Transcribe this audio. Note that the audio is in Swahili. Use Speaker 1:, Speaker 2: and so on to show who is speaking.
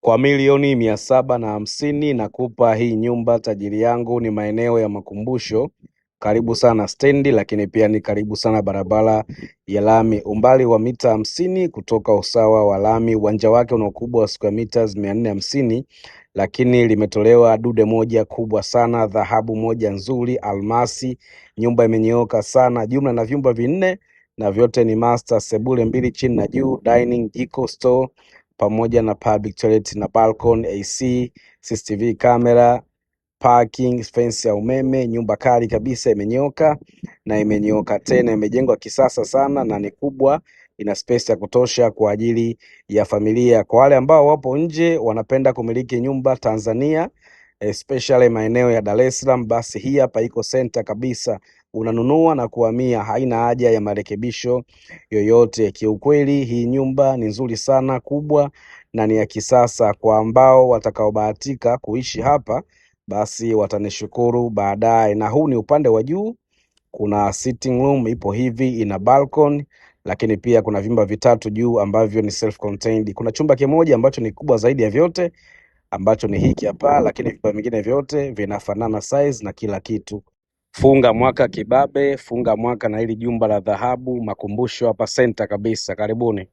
Speaker 1: kwa milioni mia saba na hamsini nakupa hii nyumba tajiri yangu. Ni maeneo ya makumbusho, karibu sana stendi, lakini pia ni karibu sana barabara ya lami, umbali wa mita hamsini kutoka usawa wa lami. Uwanja wake una ukubwa wa square meters mia nne hamsini lakini limetolewa dude moja kubwa sana, dhahabu moja nzuri, almasi. Nyumba imenyooka sana, jumla na vyumba vinne na vyote ni master, sebule mbili chini na juu, dining, jiko, store pamoja na public toilet na balcony, AC, CCTV camera, parking, fence ya umeme. Nyumba kali kabisa imenyoka na imenyoka tena, imejengwa kisasa sana na ni kubwa, ina space ya kutosha kwa ajili ya familia. Kwa wale ambao wapo nje wanapenda kumiliki nyumba Tanzania especially maeneo ya Dar es Salaam, basi hii hapa iko center kabisa, unanunua na kuhamia, haina haja ya marekebisho yoyote. Kiukweli hii nyumba ni nzuri sana, kubwa na ni ya kisasa. Kwa ambao watakaobahatika kuishi hapa, basi watanishukuru baadaye. Na huu ni upande wa juu, kuna sitting room ipo hivi, ina balcony lakini pia kuna vyumba vitatu juu ambavyo ni self contained. Kuna chumba kimoja ambacho ni kubwa zaidi ya vyote ambacho ni hiki hapa, lakini vifaa vingine vyote vinafanana size na kila kitu.
Speaker 2: Funga mwaka kibabe, funga mwaka na hili jumba la dhahabu makumbusho hapa senta kabisa, karibuni.